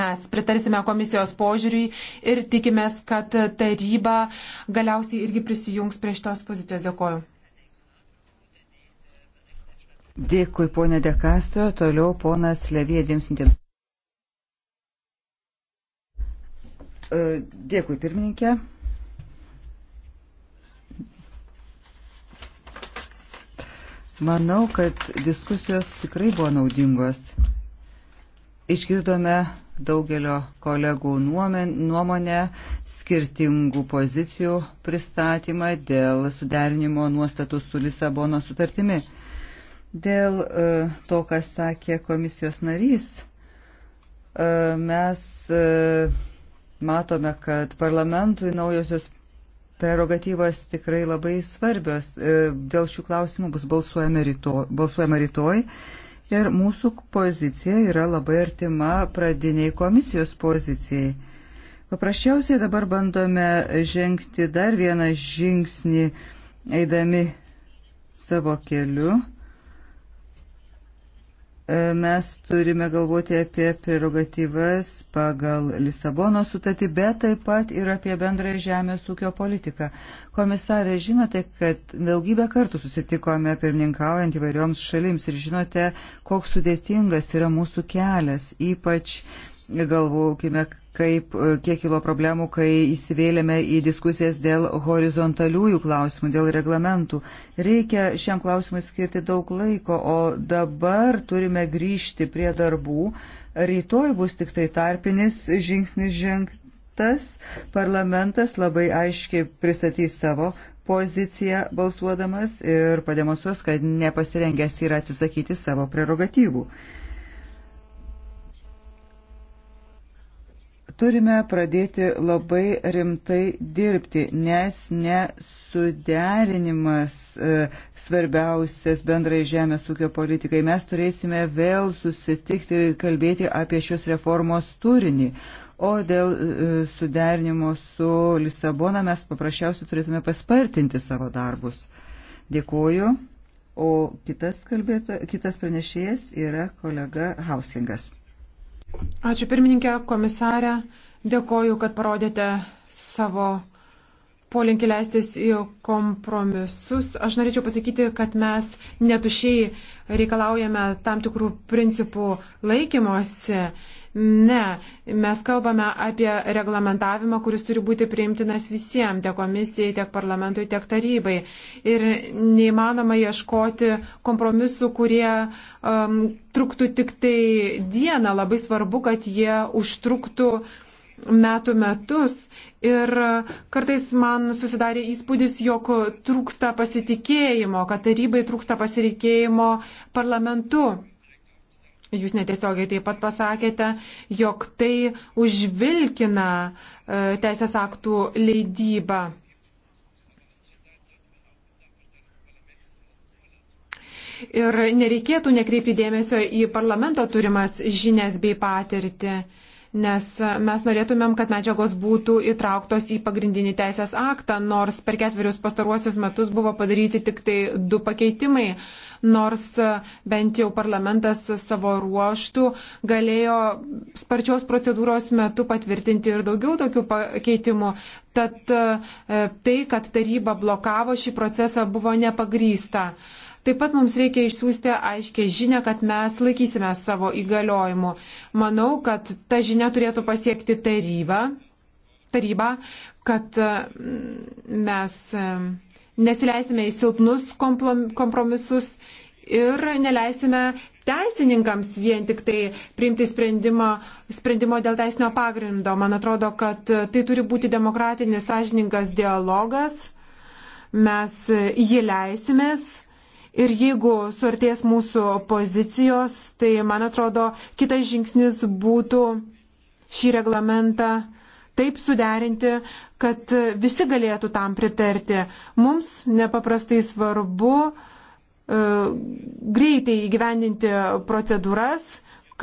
mes pritarsime komisijos požiūriui ir tikimės, kad taryba galiausiai irgi prisijungs prie šitos pozicijos. Dėkoju. Dėkui, ponė Dekastro. Toliau ponas Levija dviems mintims. E, dėkui pirmininkė. Manau, kad diskusijos tikrai buvo naudingos. Išgirdome daugelio kolegų nuomonę, skirtingų pozicijų pristatymą dėl suderinimo nuostatų su Lisabono sutartimi. Dėl e, to, kas sakė komisijos narys, e, mes matome, kad parlamentui naujosios prerogatyvos tikrai labai svarbios. E, dėl šių klausimų bus balsuojama rytoj, balsuojama rytoj ir mūsų pozicija yra labai artima pradiniai komisijos pozicijai. Paprasčiausiai dabar bandome žengti dar vieną žingsnį, eidami savo keliu E, mes turime galvoti apie prerogatyvas pagal Lisabono sutartį, bet taip pat ir apie bendrąją žemės ūkio politiką. Komisarė, žinote, kad daugybę kartų susitikome pirmininkaujant įvairioms šalims ir žinote, koks sudėtingas yra mūsų kelias, ypač galvokime, kaip, e, kiek kilo problemų, kai įsivėlėme į diskusijas dėl horizontaliųjų klausimų, dėl reglamentų. Reikia šiam klausimui skirti daug laiko, o dabar turime grįžti prie darbų. Rytoj bus tik tai tarpinis žingsnis žengtas. Parlamentas labai aiškiai pristatys savo poziciją balsuodamas ir pademonstruos, kad nepasirengęs yra atsisakyti savo prerogatyvų. turime pradėti labai rimtai dirbti, nes nesuderinimas e, svarbiausias bendrai žemės ūkio politikai. Mes turėsime vėl susitikti ir kalbėti apie šios reformos turinį. O dėl e, suderinimo su Lisabona mes paprasčiausiai turėtume paspartinti savo darbus. Dėkuoju. O kitas, kalbėta, kitas pranešėjas yra kolega Hauslingas. Ačiū pirmininkė, komisarė. Dėkoju, kad parodėte savo polinkį leistis į kompromisus. Aš norėčiau pasakyti, kad mes netušiai reikalaujame tam tikrų principų laikymosi. Ne, mes kalbame apie reglamentavimą, kuris turi būti priimtinas visiems, tiek komisijai, tiek parlamentui, tiek tarybai. Ir neįmanoma ieškoti kompromisų, kurie um, truktų tik tai dieną. Labai svarbu, kad jie užtruktų metų metus ir kartais man susidarė įspūdis, jog trūksta pasitikėjimo, kad tarybai trūksta pasitikėjimo parlamentu. Jūs netiesiogiai taip pat pasakėte, jog tai užvilkina e, teisės aktų leidybą. Ir nereikėtų nekreipti dėmesio į parlamento turimas žinias bei patirtį nes e, mes norėtumėm, kad medžiagos būtų įtrauktos į pagrindinį teisės aktą, nors per ketverius pastaruosius metus buvo padaryti tik tai du pakeitimai, nors e, bent jau parlamentas savo ruoštų galėjo sparčios procedūros metu patvirtinti ir daugiau tokių pakeitimų. Tad e, tai, kad taryba blokavo šį procesą, buvo nepagrysta. Taip pat mums reikia išsiųsti aiškiai žinę, kad mes laikysime savo įgaliojimų. Manau, kad ta žinia turėtų pasiekti tarybą, tarybą kad mm, mes mm, nesileisime į silpnus kompromisus ir neleisime teisininkams vien tik tai priimti sprendimo, sprendimo dėl teisinio pagrindo. Man atrodo, kad tai turi būti demokratinis, sąžiningas dialogas. Mes jį leisimės Ir jeigu suartės mūsų pozicijos, tai man atrodo, kitas žingsnis būtų šį reglamentą taip suderinti, kad visi galėtų tam pritarti. Mums nepaprastai svarbu e, greitai įgyvendinti procedūras,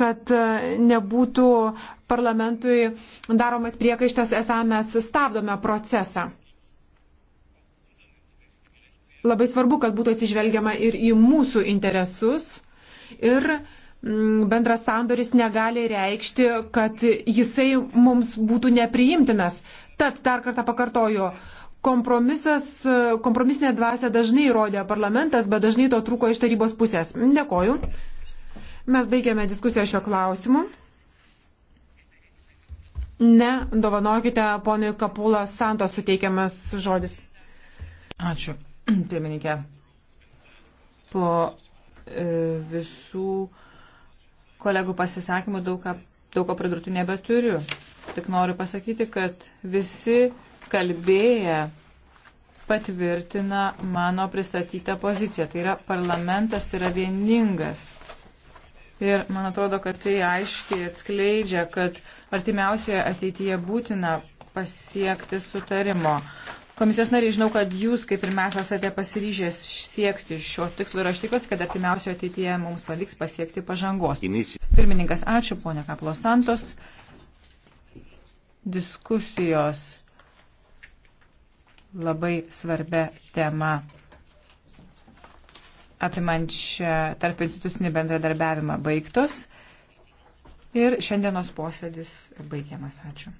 kad e, nebūtų parlamentui daromas priekaištas, esą mes stabdome procesą labai svarbu, kad būtų atsižvelgiama ir į mūsų interesus. Ir mm, bendras sandoris negali reikšti, kad jisai mums būtų nepriimtinas. Tad dar kartą pakartoju, kompromisas, kompromisinė dvasia dažnai rodė parlamentas, bet dažnai to trūko iš tarybos pusės. Dėkoju. Mes baigiame diskusiją šio klausimu. Ne, dovanokite ponui Kapulą Santos suteikiamas žodis. Ačiū. Pirmininkė, po e, visų kolegų pasisakymų daug ką, daug ko pridurti nebeturiu. Tik noriu pasakyti, kad visi kalbėję patvirtina mano pristatytą poziciją. Tai yra parlamentas yra vieningas. Ir man atrodo, kad tai aiškiai atskleidžia, kad artimiausioje ateityje būtina pasiekti sutarimo. Komisijos nariai, žinau, kad jūs, kaip ir mes, esate pasiryžęs siekti šio tikslo ir aš tikiuosi, kad artimiausioje ateityje mums pavyks pasiekti pažangos. Pirmininkas, ačiū, ponia Kaplos Santos. Diskusijos labai svarbia tema apimančią tarp institucinį bendradarbiavimą baigtus. Ir šiandienos posėdis baigiamas. Ačiū.